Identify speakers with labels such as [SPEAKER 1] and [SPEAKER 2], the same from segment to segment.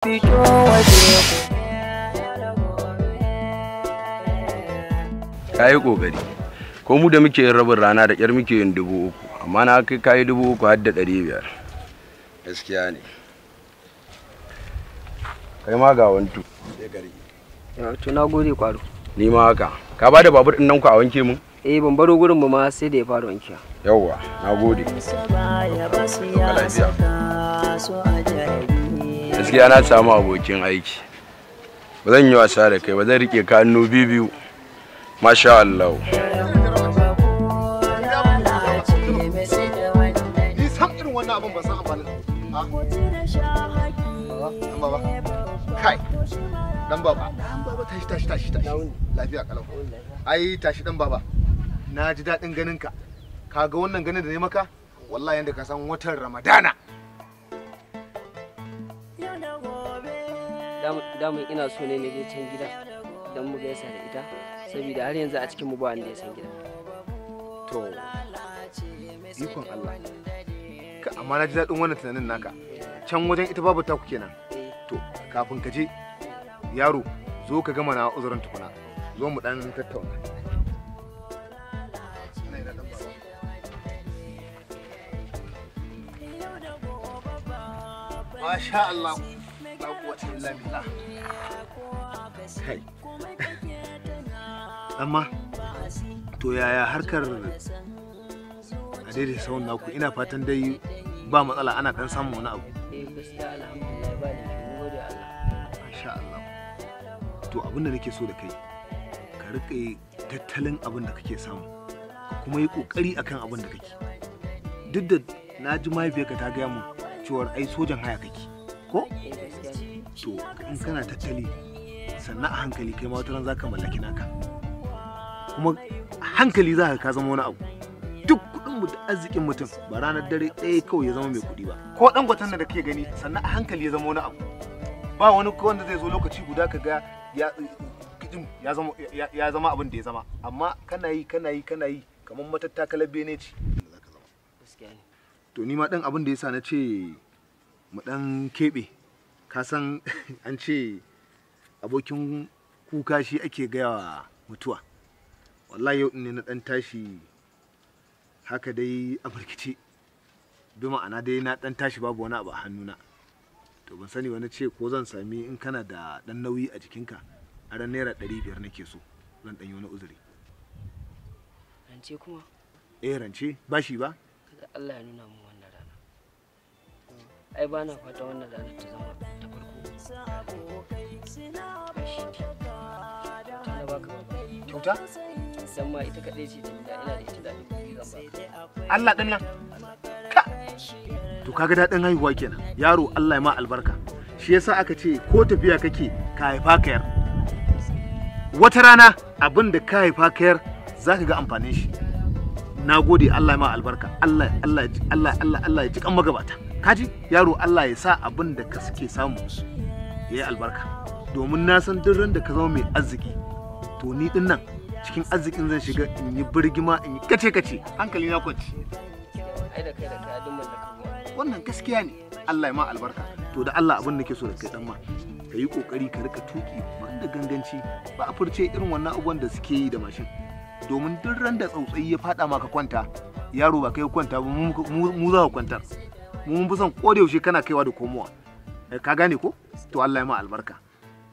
[SPEAKER 1] fito waje yi ƙoƙari ko mu da muke yin rabin rana da ƙyar muke yin dubu uku amma na kai ka yi dubu uku har da ɗari biyar gaskiya ne kai ma ga wantu
[SPEAKER 2] sai gari to na gode kwaro
[SPEAKER 1] ni ma haka ka ba da babur ɗin nan ku a wanke mun
[SPEAKER 2] eh ban baro gurin mu ma sai da ya fara wankiya
[SPEAKER 1] yawwa na gode gaskiya na samu abokin aiki ba zan yi wasa da kai ba zan rike ka hannu biyu masha Allah
[SPEAKER 3] kai dan baba dan baba tashi tashi tashi tashi lafiya kalau ai tashi dan baba na ji daɗin ganin ka kaga wannan ganin da ne maka wallahi yanda ka san watan ramadana
[SPEAKER 2] damun ina so ne na je can gida don mu gaisa da ita saboda
[SPEAKER 3] har yanzu a cikin mu ba wanda ya san gida
[SPEAKER 4] to ikon Allah
[SPEAKER 3] ka amma na ji daɗin wannan tunanin naka can wajen ita babu taku kenan to kafin ka je yaro zo ka gama na uzurin tukuna zo mu dan tattauna
[SPEAKER 4] Masha Allah.
[SPEAKER 3] amma to yaya harkar a daidai naku ina fatan dai ba matsala ana kan samun wani abu eh, Allah to abin da nake so da kai ka riƙe tattalin abin da kake samu kuma yi ƙoƙari akan abin da kake duk da na ji mahaifiyarka ta gaya mu cewar ai sojan haya kake so in kana tattali sannan a hankali kai ma wata ran zaka mallaki naka kuma hankali za ka zama wani abu duk kuɗin mu da arzikin mutum ba ranar dare ɗaya kawai ya zama mai kuɗi ba ko dan gwatan da kake gani sannan a hankali ya zama wani abu ba wani wanda zai zo lokaci guda ka ga ya ya zama ya zama abin da ya zama amma kana yi kana yi kana yi kamar matattakalar bene ce to ni ma dan abin da yasa na ce mu dan keɓe Kasan an ce abokin kuka shi ake gayawa mutuwa wallahi yau ne na dan tashi haka dai a markice bi ma'ana dai na dan tashi babu wani abu a hannuna to ban sani wani ce ko zan sami in kana da dan nauyi a jikinka a ran naira ɗari biyar nake so zan ɗan yi wani uzuri rance kuma eh rance ba ba
[SPEAKER 2] Allah ya nuna mu ai ba na fata wannan ranar ta zama
[SPEAKER 4] ta farko tunda ba ka
[SPEAKER 2] kyauta dan ma ita kaɗai ce da ina da ita da
[SPEAKER 3] Allah ɗin nan ka to kaga daɗin haihuwa kenan yaro Allah ya ma albarka shi yasa aka ce ko tafiya kake ka haifa ka yar? wata rana abin da ka haifa yar za ka ga amfanin shi na gode Allah ya ma albarka Allah Allah Allah Allah Allah ya ji kan magabata kaji yaro Allah ya sa abin da ka suke samu ya yi albarka domin na san duk da ka zama mai arziki to ni din nan cikin arzikin zan shiga in yi birgima in yi kace kace hankali na kwanci ai da kai da wannan gaskiya ne Allah ya ma albarka to da Allah abin da ke so da kai dan ma ka yi kokari ka rika tuki da ganganci ba a furce irin wannan abubuwan da suke yi da mashin domin duk da tsautsayi ya fada maka kwanta yaro ba kai kwanta ba mu za kwantar mun fi son ko shi kana kaiwa da komowa eh, ka gane ko to Allah ya ma albarka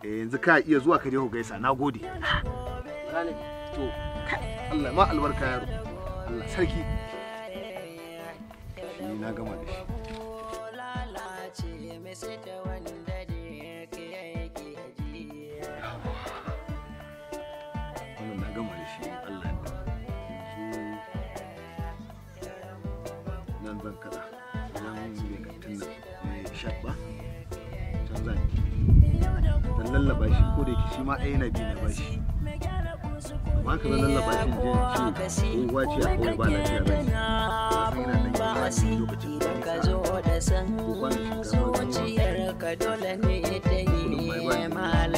[SPEAKER 3] eh, yanzu ka iya zuwa ka je ku gaisa na gode gane to Allah ma albarka yaro Allah sarki
[SPEAKER 4] shi na gama da shi
[SPEAKER 3] dan lallaba shi ko da yake shi ma ai na bi na bashi
[SPEAKER 4] amma ka zan lallaba shi je ce ko wace a kawai ba lafiya ba shi lokacin da ka zo da san zuciyar ka dole ne ta yi mala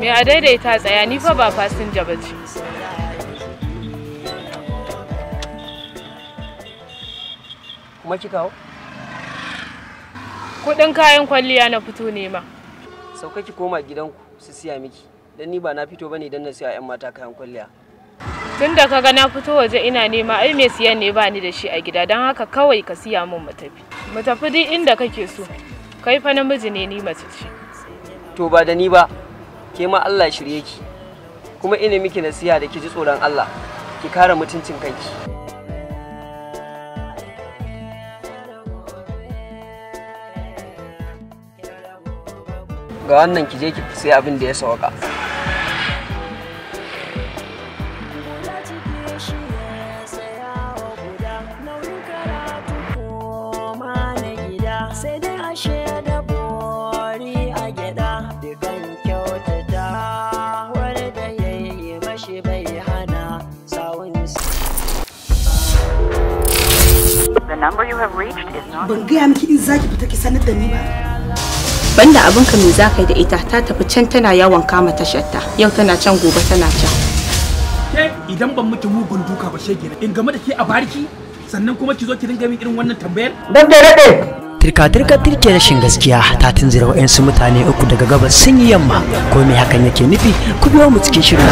[SPEAKER 4] Me a daidaita tsaya ni fa ba fasinja
[SPEAKER 5] ba ce. Kuma ki kawo? Kuɗin kayan kwalliya na fito ne ma.
[SPEAKER 2] Sauka ki koma gidanku su siya miki. Dan ni ba na fito bane dan na siya 'yan mata kayan kwalliya.
[SPEAKER 5] Tun da kaga na fito waje ina nema ai me siyan ne ba ni da shi a gida don haka kawai ka siya min mu tafi. Mu tafi duk inda kake so. Kai fa namiji ne ni mace ce.
[SPEAKER 2] To ba da ni ba. ke ma Allah shirye ki kuma ina miki nasiha da ki ji tsoron Allah ki kare mutuncin kanki ga wannan ki je ki sai abin da ya sawaka
[SPEAKER 5] Ban gaya miki in zaki fita ki sanar da ni ba. Banda abinka me za ka yi da ita ta tafi can tana yawon kama tasharta yau tana can gobe tana can.
[SPEAKER 6] Ke idan ban miki mugun duka ba shege in game da ke
[SPEAKER 5] a bariki sannan kuma ki zo ki dinga min irin wannan tambayar. Dan da rade. Tirka turka turke
[SPEAKER 6] rashin gaskiya ta tunzira wa'yansu mutane uku daga gabas sun yi yamma ko me hakan yake nufi ku biyo mu cikin shirin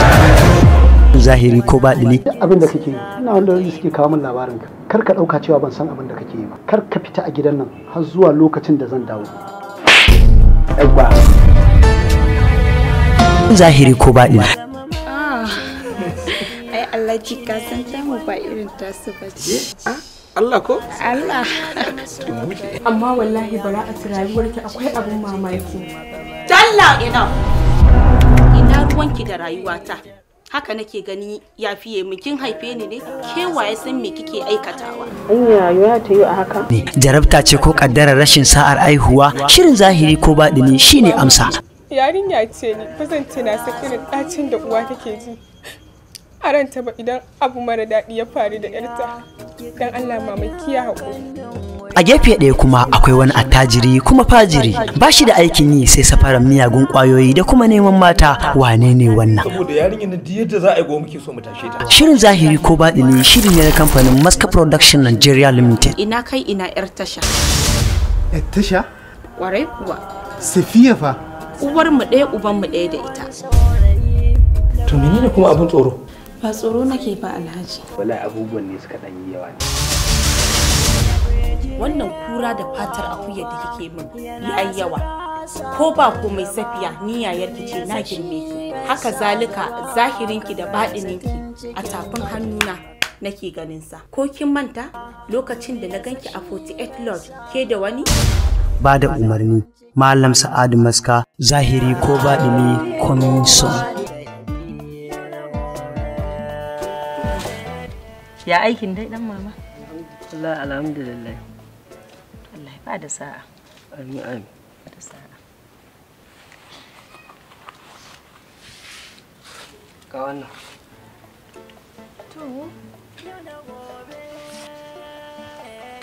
[SPEAKER 6] zahiri ko baɗini. Abin da kake ina wanda suke kawo min labarin ka. kar ka ɗauka cewa ban san abin da kake yi ba kar ka fita a gidan nan har zuwa lokacin da zan dawo yawwa zahiri ko baɗi ah,
[SPEAKER 5] ai Allah ji ka san mu ba irin su ba ce ah, Allah ko? Allah. Amma wallahi bara a ki akwai abin mamaki. Dalla ina. Ina ruwanki da rayuwata. haka nake gani ya fiye mu kin haife ni ne kewaye san me kike aikatawa anya ya ta yi a haka
[SPEAKER 6] jarabta ce ko kaddarar rashin sa'ar aihuwa shirin zahiri ko baɗini shine amsa
[SPEAKER 5] yarinya ce ni ba ce na sakirin ɗacin da uwa take ji a ranta ba idan abu mara daɗi ya faru da 'yarta dan Allah mamaki ya haƙuri
[SPEAKER 6] a gefe ɗaya kuma akwai wani attajiri kuma fajiri ba shi da aikin yi sai safaran miyagun ƙwayoyi da kuma neman mata wane ne wannan
[SPEAKER 1] saboda na za a yi
[SPEAKER 6] shirin zahiri ko baɗini shirin ne na kamfanin Maska Production Nigeria Limited
[SPEAKER 5] ina kai ina yar tasha yar tasha ware kuwa
[SPEAKER 6] Safiya fa
[SPEAKER 5] uwar mu ɗaya uban mu ɗaya da ita
[SPEAKER 6] to menene kuma abin tsoro
[SPEAKER 5] ba tsoro nake ba alhaji
[SPEAKER 6] wallahi abubuwan ne suka yi yawa ne
[SPEAKER 5] wannan kura da fatar akuya da kike min yi an yawa ko ba mai safiya ni ki ce na girme ki haka zalika zahirinki da baɗininki a tafin hannuna nake ganin sa ko kin manta lokacin da na ganki a 48 lodge ke da wani
[SPEAKER 6] ba da umarni malam sa'adu maska zahiri ko baɗini komin
[SPEAKER 5] ya aikin dai dan mama
[SPEAKER 2] Allah alhamdulillah ba da sa'a amin amin sa'a wannan
[SPEAKER 4] to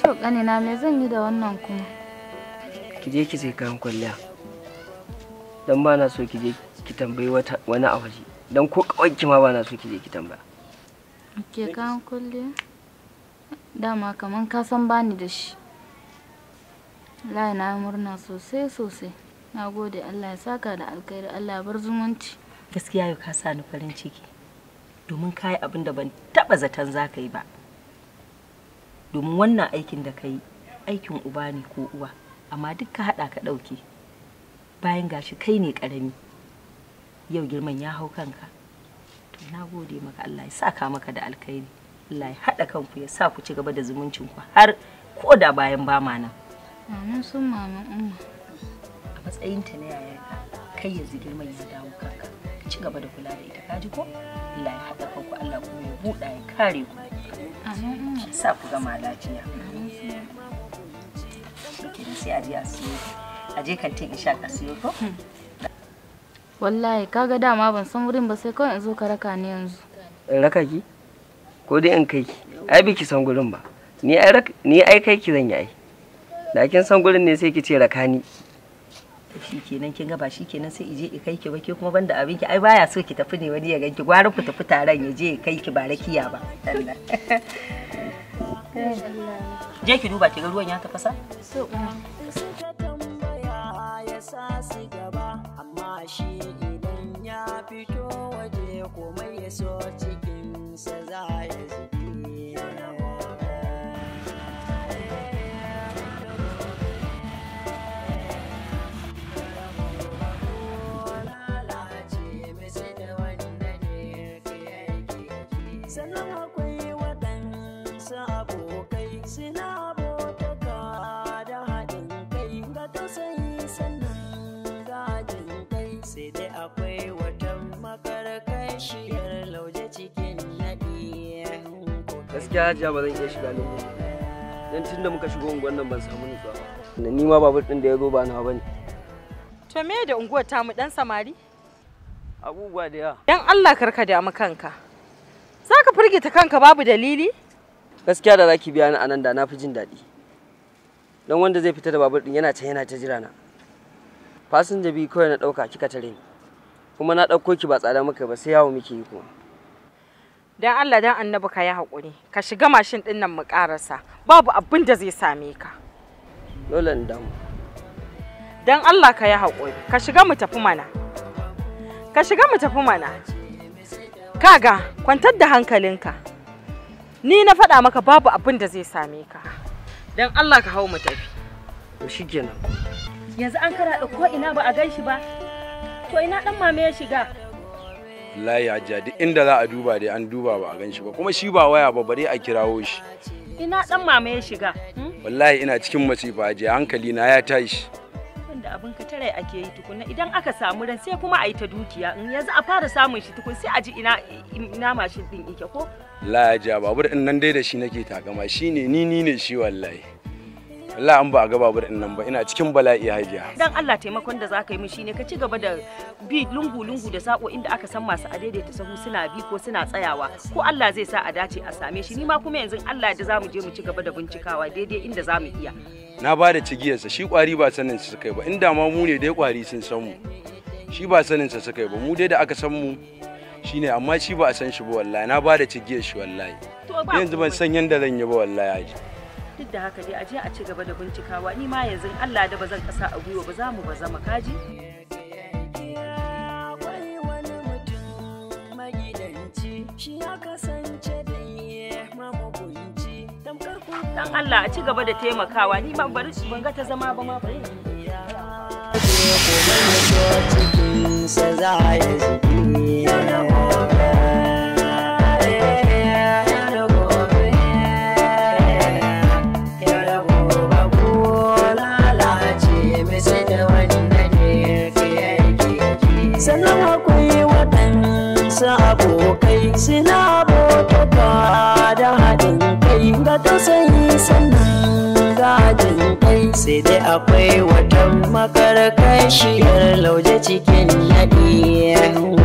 [SPEAKER 5] to kanina me zan yi da wannan kuma
[SPEAKER 2] ki je ki sai kayan kwalliya dan ba na so ki je ki tambayi wani a waje dan ko kawai ki ma ba na so ki je ki tambaya
[SPEAKER 5] ke kayan kwalliya dama kaman ka san bani da shi wallahi na murna sosai sosai na gode Allah ya saka da alkhairi Allah ya bar zumunci gaskiya yau ka sa ni farin ciki domin ka yi abin da ban taba zaton zaka yi ba domin wannan aikin da ka aikin uba ne ko uwa amma duk ka haɗa ka ɗauke bayan gashi kai ne ƙarami yau girman ya hau kanka to na gode maka Allah ya saka maka da alkhairi Allah ya haɗa kanku ya sa ku ci gaba da zumuncinku har ko da bayan ba ma nan Maman sun maman umma. A matsayin ta na yaya kai yanzu girma ya dawo kanka. Ka ci gaba da kula da ita kaji ko? Allah ya haɗa kanku Allah kuma ya buɗa ya kare ku. Amin. Sa ku gama lafiya. Amin. Sai a je a siyo. A je kantin isha a siyo ko? Hmm. Wallahi kaga dama ban san wurin ba sai kawai in zo ka raka ni yanzu.
[SPEAKER 2] In raka ki? Ko dai in kai ki? Ai biki san gurin ba. Ni ai kai ki zan yi ai. da kin san gurin ne sai ki ce rakani
[SPEAKER 5] shi kenan kin gaba shi kenan sai ije kai ki ba ke kuma banda abin ki ai baya so ki tafi ne wani ya ganki gwara ku tafi taron ya je kai ki ba rakiya ba je ki duba ki ga ruwan ya tafasa
[SPEAKER 4] um,
[SPEAKER 2] gaskiya ya ba zan iya shiga don dan tunda muka shigo unguwan nan ban samu ni ba ni ma babur din da ya zo ba na bane
[SPEAKER 5] to me da unguwar ta mu dan samari abubuwa da yawa dan Allah karka damu kanka zaka firgita kanka babu dalili
[SPEAKER 2] gaskiya da zaki biya ni anan da na fi jin daɗi dan wanda zai fita da babur din yana ta yana ta jira na fasinja biyu kawai na ɗauka kika tare ni kuma na ɗauko ki ba tsada muka ba sai yawo muke yi kuma
[SPEAKER 5] dan Allah dan annabi ka yi haƙuri ka shiga mashin ɗin nan mu ƙarasa babu abin da zai same ka dole in damu dan Allah ka yi haƙuri ka shiga mu tafi mana ka shiga mu tafi mana kaga kwantar da hankalinka ni na faɗa maka babu abin da zai same ka dan Allah ka hau mu tafi to shikenan yanzu an karaɗa ko ina ba a gan shi ba to ina ɗan mame ya shiga
[SPEAKER 1] wallahi hajiya duk inda za a duba dai an duba ba a gan shi ba kuma shi ba waya ba bare a kirawo shi
[SPEAKER 5] ina dan mama ya shiga
[SPEAKER 1] hmm? wallahi ina cikin masifa je hankali na ya tashi
[SPEAKER 5] da abin ka tare ake yi tukunna idan aka samu ran sai kuma a yi ta dukiya in yanzu a fara samun shi tukun sai a ji ina ina mashin din ike ko
[SPEAKER 1] la ja babur din nan dai da shi nake takama shine ni ni ne shi wallahi Allah an ba a gaba babur nan ba ina cikin bala'i hajiya dan
[SPEAKER 5] Allah taimakon da zaka yi mu shine ka ci gaba da bi lungu lungu da sako inda aka san masu adaidaita sahu suna bi ko suna tsayawa ko Allah zai sa a dace a same shi ni ma kuma yanzu Allah da zamu je mu ci gaba da bincikawa daidai inda zamu iya
[SPEAKER 1] na ba da cigiyarsa shi kwari ba sanin su kai ba inda ma mu ne dai kwari sun san mu shi ba sanin sa suka yi ba mu dai da aka san mu shine amma shi ba a san shi ba wallahi na ba da cigiyar shi wallahi yanzu ban san yanda zan yi ba wallahi
[SPEAKER 5] duk da haka dai a je a ci gaba da bincikawa ni ma yanzu Allah da bazan kasa a gwiwa ba za mu ba zama kaji dan Allah a ci gaba da taimakawa ni ban bari su ga ta zama ba ma bari
[SPEAKER 4] cikin sa za ya suna bauta da haɗin kai ga sanyi sannan gajin kai sai dai akwai wata makarkashiyar lauje cikin naɗi